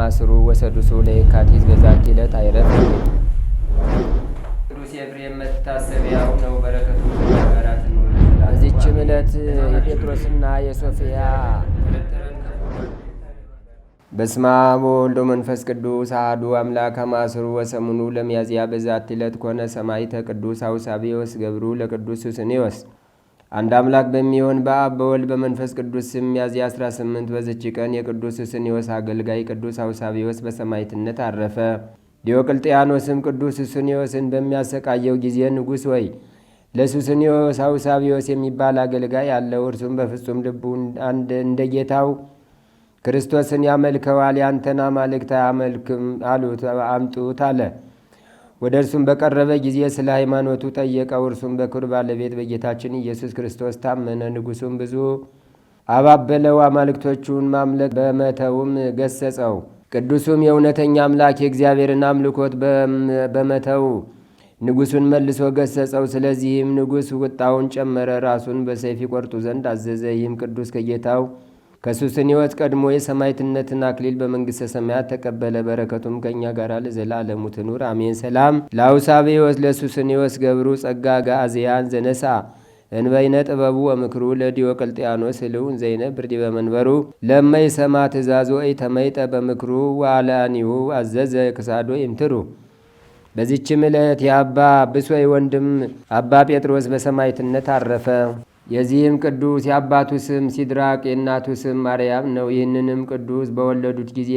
ማስሩ ወሰዱሱ ለየካቲት በዛቲ ዕለት አይረፍ። ቅዱስ ኤፍሬም መታሰቢያው ነው። በረከቱ ጋራት በዚችም ዕለት የጴጥሮስና የሶፊያ በስማ በወልዶ መንፈስ ቅዱስ አህዱ አምላክ አማስሩ ወሰሙኑ ለሚያዝያ በዛቲ ዕለት ኮነ ሰማዕተ ቅዱስ አውሳቢዎስ ገብሩ ለቅዱስ ሱስንዮስ አንድ አምላክ በሚሆን በአብ በወልድ በመንፈስ ቅዱስ ስም ሚያዝያ 18 በዝች ቀን የቅዱስ እስንዮስ አገልጋይ ቅዱስ አውሳቢዎስ በሰማዕትነት አረፈ። ዲዮቅልጥያኖስም ቅዱስ እስንዮስን በሚያሰቃየው ጊዜ ንጉሥ ወይ ለሱስኒዮስ አውሳቢዎስ የሚባል አገልጋይ አለው። እርሱም በፍጹም ልቡ እንደ ጌታው ክርስቶስን ያመልከዋል። ያንተን አማልክት አያመልክም አሉት። አምጡት አለ። ወደ እርሱም በቀረበ ጊዜ ስለ ሃይማኖቱ ጠየቀው። እርሱም በክብር ባለቤት በጌታችን ኢየሱስ ክርስቶስ ታመነ። ንጉሱም ብዙ አባበለው፣ አማልክቶቹን ማምለክ በመተውም ገሰጸው። ቅዱሱም የእውነተኛ አምላክ የእግዚአብሔርን አምልኮት በመተው ንጉሱን መልሶ ገሰጸው። ስለዚህም ንጉሥ ቁጣውን ጨመረ፣ ራሱን በሰይፍ ይቆርጡ ዘንድ አዘዘ። ይህም ቅዱስ ከጌታው ከሱስን ሕይወት ቀድሞ የሰማዕትነትን አክሊል በመንግሥተ ሰማያት ተቀበለ። በረከቱም ከእኛ ጋር ለዘላለሙ ትኑር አሜን። ሰላም ለአውሳቤ ሕይወት ለሱስን ሕይወት ገብሩ ጸጋ ጋአዝያን ዘነሳ እንበይነ ጥበቡ ወምክሩ ለዲዮቅልጥያኖስ ህልውን ዘይነ ብርዲ በመንበሩ ሰማ ትእዛዝ ወይ ተመይጠ በምክሩ ዋላኒሁ አዘዘ ክሳዶ ይምትሩ። በዚችም ዕለት የአባ ብሶይ ወንድም አባ ጴጥሮስ በሰማዕትነት አረፈ። የዚህም ቅዱስ የአባቱ ስም ሲድራቅ የእናቱ ስም ማርያም ነው። ይህንንም ቅዱስ በወለዱት ጊዜ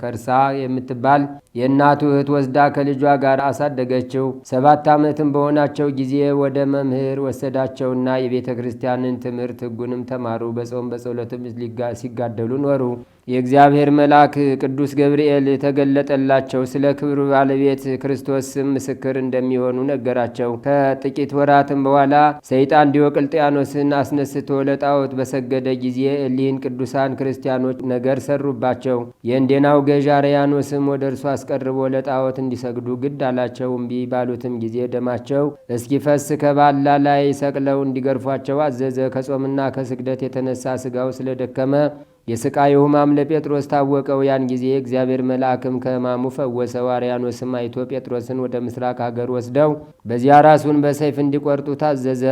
ከርሳ የምትባል የእናቱ እህት ወስዳ ከልጇ ጋር አሳደገችው። ሰባት ዓመትም በሆናቸው ጊዜ ወደ መምህር ወሰዳቸውና የቤተ ክርስቲያንን ትምህርት ሕጉንም ተማሩ። በጾም በጸሎትም ሲጋደሉ ኖሩ። የእግዚአብሔር መልአክ ቅዱስ ገብርኤል የተገለጠላቸው ስለ ክብር ባለቤት ክርስቶስ ምስክር እንደሚሆኑ ነገራቸው። ከጥቂት ወራትም በኋላ ሰይጣን ዲዮቅልጥያኖስን አስነስቶ ለጣዖት በሰገደ ጊዜ እሊህን ቅዱሳን ክርስቲያኖች ነገር ሰሩባቸው። የእንዴናው ገዥ አርያኖስም ወደ እርሱ አስቀርቦ ለጣዖት እንዲሰግዱ ግድ አላቸው። እምቢ ባሉትም ጊዜ ደማቸው እስኪፈስ ከባላ ላይ ሰቅለው እንዲገርፏቸው አዘዘ። ከጾምና ከስግደት የተነሳ ስጋው ስለደከመ የስቃይ ሕማም ለጴጥሮስ ታወቀው። ያን ጊዜ እግዚአብሔር መልአክም ከሕማሙ ፈወሰው። አርያኖስም አይቶ ጴጥሮስን ወደ ምስራቅ ሀገር ወስደው በዚያ ራሱን በሰይፍ እንዲቆርጡ ታዘዘ።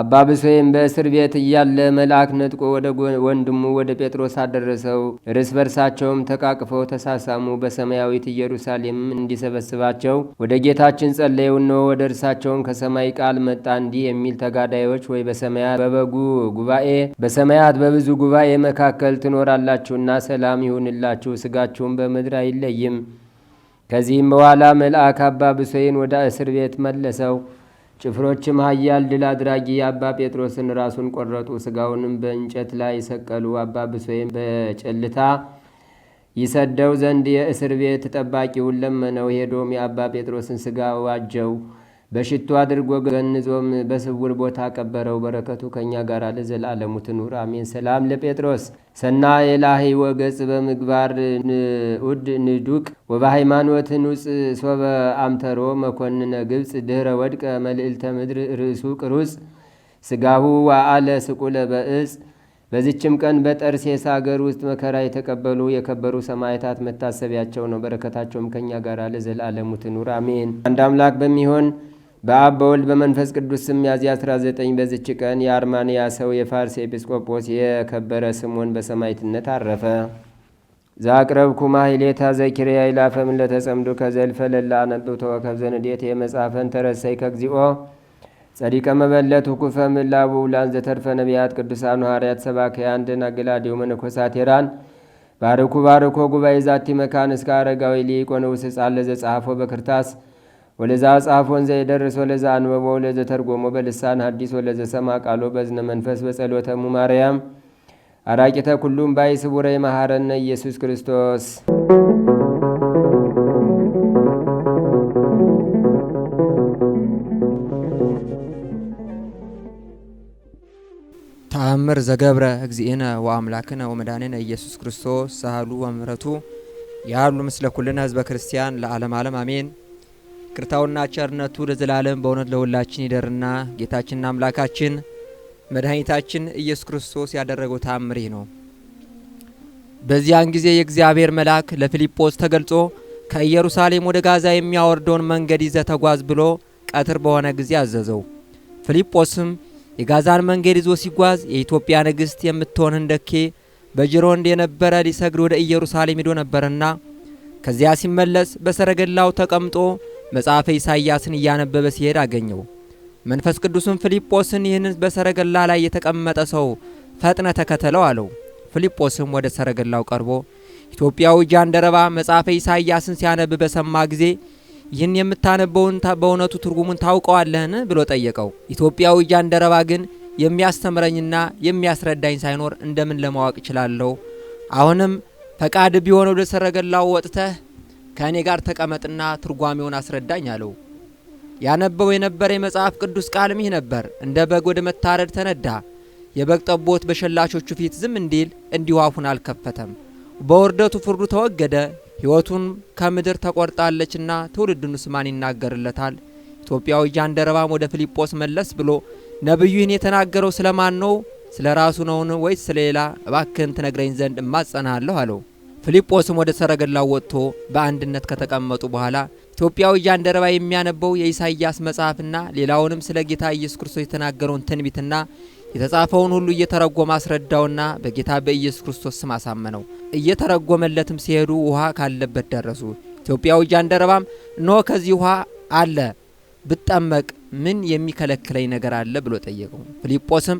አባ ብሶይም በእስር ቤት እያለ መልአክ ነጥቆ ወደ ወንድሙ ወደ ጴጥሮስ አደረሰው። እርስ በርሳቸውም ተቃቅፈው ተሳሳሙ። በሰማያዊት ኢየሩሳሌም እንዲሰበስባቸው ወደ ጌታችን ጸለየው እነሆ ወደ እርሳቸውን ከሰማይ ቃል መጣ እንዲህ የሚል ተጋዳዮች ወይ በሰማያት በበጉ ጉባኤ በሰማያት በብዙ ጉባኤ መካከል ትኖ ትኖራላችሁና ሰላም ይሁንላችሁ፣ ስጋችሁም በምድር አይለይም። ከዚህም በኋላ መልአክ አባ ብሶይን ወደ እስር ቤት መለሰው። ጭፍሮችም ኃያል ድል አድራጊ አባ ጴጥሮስን ራሱን ቆረጡ፣ ስጋውንም በእንጨት ላይ ሰቀሉ። አባ ብሶይን በጨልታ ይሰደው ዘንድ የእስር ቤት ጠባቂውን ለመነው። ሄዶም የአባ ጴጥሮስን ስጋ ዋጀው። በሽቱ አድርጎ ገንዞም በስውር ቦታ ቀበረው። በረከቱ ከእኛ ጋር ለዘላለሙ ትኑር አሜን። ሰላም ለጴጥሮስ ሰና የላሂ ወገጽ በምግባር ውድ ንዱቅ ወበሃይማኖት ንውፅ ሶበ አምተሮ መኮንነ ግብፅ ድህረ ወድቀ መልዕልተ ምድር ርእሱ ቅሩጽ ስጋሁ ዋአለ ስቁለ በእጽ። በዚችም ቀን በጠርሴስ አገር ውስጥ መከራ የተቀበሉ የከበሩ ሰማዕታት መታሰቢያቸው ነው። በረከታቸውም ከእኛ ጋር ለዘላለሙ ትኑር አሜን። አንድ አምላክ በሚሆን በአብ በወልድ በመንፈስ ቅዱስ ስም ሚያዝያ 19 በዝች ቀን የአርማንያ ሰው የፋርስ ኤጲስቆጶስ የከበረ ስምዖን በሰማዕትነት አረፈ። ዛቅረብኩ ማሕሌታ ዘኪርያ ይላፈም ለተጸምዱ ከዘልፈ ለላ ነብብቶ ከብዘንዴት የመጻፈን ተረሰይ ከግዚኦ ጸዲቀ መበለት ኩፈ ምላቡ ውላን ዘተርፈ ነቢያት ቅዱሳን ሐርያት ሰባክያን ደናግላዲው መነኮሳት ሄራን ባርኩ ባርኮ ጉባኤ ዛቲ መካን እስከ አረጋዊ ሊቆ ንዑስ ሕፃን ለዘጸሐፎ በክርታስ ወለዛ ጻፍ ወንዘ የደርስ ወለዛ አንበቦ ወለዘ ተርጎሞ በልሳን ሐዲስ ወለዘ ሰማ ቃሎ በዝነ መንፈስ በጸሎተ ማርያም አራቂተ ኩሉም ባይ ስቡረ የማሐረነ ኢየሱስ ክርስቶስ ተአምር ዘገብረ እግዚእነ ወአምላክነ ወመድኃኒነ ኢየሱስ ክርስቶስ ሳህሉ ወምረቱ ያሉ ምስለ ኩልነ ህዝበ ክርስቲያን ለዓለም ዓለም አሜን። ቅርታውና ቸርነቱ ለዘላለም በእውነት ለሁላችን ይደርና ጌታችንና አምላካችን መድኃኒታችን ኢየሱስ ክርስቶስ ያደረገው ታምሪ ነው። በዚያን ጊዜ የእግዚአብሔር መልአክ ለፊልጶስ ተገልጾ ከኢየሩሳሌም ወደ ጋዛ የሚያወርደውን መንገድ ይዘ ተጓዝ ብሎ ቀትር በሆነ ጊዜ አዘዘው። ፊልጶስም የጋዛን መንገድ ይዞ ሲጓዝ የኢትዮጵያ ንግሥት የምትሆን ህንደኬ በጅሮንድ የነበረ ሊሰግድ ወደ ኢየሩሳሌም ሄዶ ነበርና ከዚያ ሲመለስ በሰረገላው ተቀምጦ መጽሐፈ ኢሳይያስን እያነበበ ሲሄድ አገኘው። መንፈስ ቅዱስም ፊልጶስን ይህን በሰረገላ ላይ የተቀመጠ ሰው ፈጥነ ተከተለው አለው። ፊልጶስም ወደ ሰረገላው ቀርቦ ኢትዮጵያዊ ጃንደረባ መጽሐፈ ኢሳይያስን ሲያነብ በሰማ ጊዜ ይህን የምታነበውን በእውነቱ ትርጉሙን ታውቀዋለህን ብሎ ጠየቀው። ኢትዮጵያዊ ጃንደረባ ግን የሚያስተምረኝና የሚያስረዳኝ ሳይኖር እንደምን ለማወቅ እችላለሁ? አሁንም ፈቃድ ቢሆን ወደ ሰረገላው ወጥተህ ከእኔ ጋር ተቀመጥና ትርጓሜውን አስረዳኝ አለው። ያነበው የነበረ የመጽሐፍ ቅዱስ ቃልም ይህ ነበር። እንደ በግ ወደ መታረድ ተነዳ። የበግ ጠቦት በሸላቾቹ ፊት ዝም እንዲል እንዲሁ አፉን አልከፈተም። በውርደቱ ፍርዱ ተወገደ። ሕይወቱን ከምድር ተቆርጣለችና ትውልድ ስማን ይናገርለታል? ኢትዮጵያዊ ጃንደረባም ወደ ፊልጶስ መለስ ብሎ ነቢዩ ይህን የተናገረው ስለማን ነው? ስለ ራሱ ነውን ወይስ ስለ ሌላ? እባክህን ትነግረኝ ዘንድ እማጸናሃለሁ አለው። ፊልጶስም ወደ ሰረገላው ወጥቶ በአንድነት ከተቀመጡ በኋላ ኢትዮጵያዊ ጃንደረባ የሚያነበው የኢሳይያስ መጽሐፍና ሌላውንም ስለ ጌታ ኢየሱስ ክርስቶስ የተናገረውን ትንቢትና የተጻፈውን ሁሉ እየተረጎመ አስረዳውና በጌታ በኢየሱስ ክርስቶስ ስም አሳመነው። እየተረጎመለትም ሲሄዱ ውሃ ካለበት ደረሱ። ኢትዮጵያዊ ጃንደረባም እነሆ ከዚህ ውሃ አለ፣ ብጠመቅ ምን የሚከለክለኝ ነገር አለ ብሎ ጠየቀው። ፊልጶስም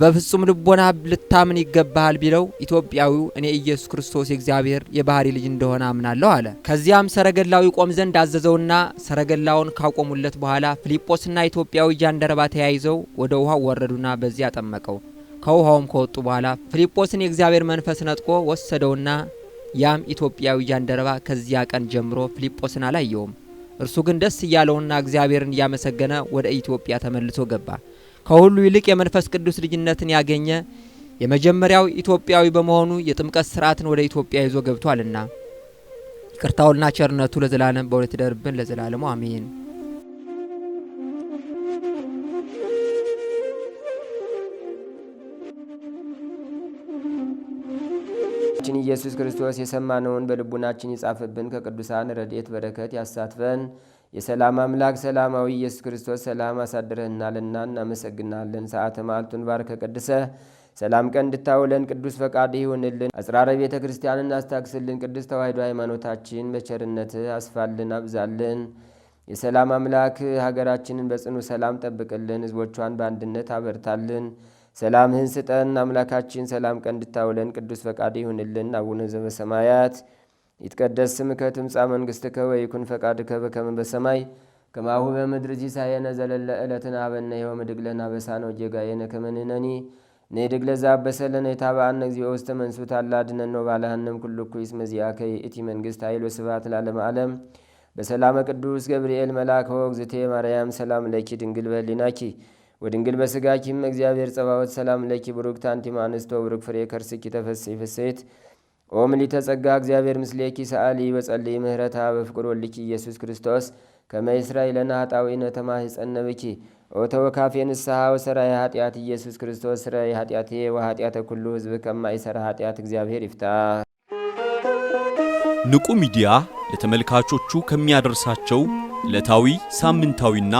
በፍጹም ልቦና ልታምን ይገባሃል ቢለው ኢትዮጵያዊው እኔ ኢየሱስ ክርስቶስ የእግዚአብሔር የባህሪ ልጅ እንደሆነ አምናለሁ አለ። ከዚያም ሰረገላው ይቆም ዘንድ አዘዘውና ሰረገላውን ካቆሙለት በኋላ ፊልጶስና ኢትዮጵያዊ ጃንደረባ ተያይዘው ወደ ውሃው ወረዱና በዚያ አጠመቀው። ከውሃውም ከወጡ በኋላ ፊልጶስን የእግዚአብሔር መንፈስ ነጥቆ ወሰደውና ያም ኢትዮጵያዊ ጃንደረባ ከዚያ ቀን ጀምሮ ፊልጶስን አላየውም። እርሱ ግን ደስ እያለውና እግዚአብሔርን እያመሰገነ ወደ ኢትዮጵያ ተመልሶ ገባ። ከሁሉ ይልቅ የመንፈስ ቅዱስ ልጅነትን ያገኘ የመጀመሪያው ኢትዮጵያዊ በመሆኑ የጥምቀት ስርዓትን ወደ ኢትዮጵያ ይዞ ገብቷልና ይቅርታውና ቸርነቱ ለዘላለም በእውነት ይደርብን ለዘላለሙ አሜን። ኢየሱስ ክርስቶስ የሰማነውን በልቡናችን ይጻፍብን፣ ከቅዱሳን ረድኤት በረከት ያሳትፈን። የሰላም አምላክ ሰላማዊ ኢየሱስ ክርስቶስ ሰላም አሳድረህናልና እናመሰግናለን። ሰዓተ ማልቱን ባርከ ቀድሰ ሰላም ቀን እንድታውለን ቅዱስ ፈቃድ ይሁንልን። አጽራረ ቤተ ክርስቲያን እናስታክስልን። ቅዱስ ተዋሕዶ ሃይማኖታችን መቸርነት አስፋልን፣ አብዛልን። የሰላም አምላክ ሀገራችንን በጽኑ ሰላም ጠብቅልን፣ ህዝቦቿን በአንድነት አበርታልን። ሰላምህን ስጠን አምላካችን። ሰላም ቀን እንድታውለን ቅዱስ ፈቃድ ይሁንልን። አቡነ ዘበሰማያት ይትቀደስ ስምከ ትምጻእ መንግሥትከ ወይኩን ፈቃድከ በከመ በሰማይ ከማሁ በምድር ሲሳየነ ዘለለ ዕለትነ ሀበነ ዮም ወኅድግ ለነ አበሳነ ወጌጋየነ ከመ ንሕነኒ ንኅድግ ለዘአበሰለነ የታብአነ እግዚኦ ውስተ መንሱት አላ አድኅነነ ወባልሐነም ኩሉ እኩይ እስመ ዚአከ ይእቲ መንግሥት ኃይል ወስብሐት ለዓለመ ዓለም በሰላመ ቅዱስ ገብርኤል መልአከ ወእግዝእቴ ማርያም ሰላም ለኪ ድንግል በኅሊናኪ ወድንግል በስጋኪም እግዚአብሔር ጸባወት ሰላም ለኪ ቡሩክት አንቲ እምአንስቶ ቡሩክ ፍሬ ከርስኪ ተፈሥሒ ፍሥሕት ኦም ሊተጸጋ እግዚአብሔር ምስሌኪ ሰአሊ በጸልይ ምህረታ በፍቅር ወልኪ ኢየሱስ ክርስቶስ ከመ ይሥራይለነ ኃጣውኢነ ተማኅፀነብኪ ኦ ካፌ ንስሐ ወሰራይ ኃጢአት ኢየሱስ ክርስቶስ ስራይ ኃጢአቴ ወኃጢአተ ኩሉ ሕዝብ ከማይሠራ ኃጢአት እግዚአብሔር ይፍታ። ንቁ ሚዲያ ለተመልካቾቹ ከሚያደርሳቸው ዕለታዊ ሳምንታዊና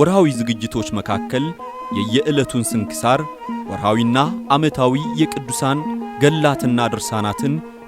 ወርሃዊ ዝግጅቶች መካከል የየዕለቱን ስንክሳር ወርሃዊና ዓመታዊ የቅዱሳን ገላትና ድርሳናትን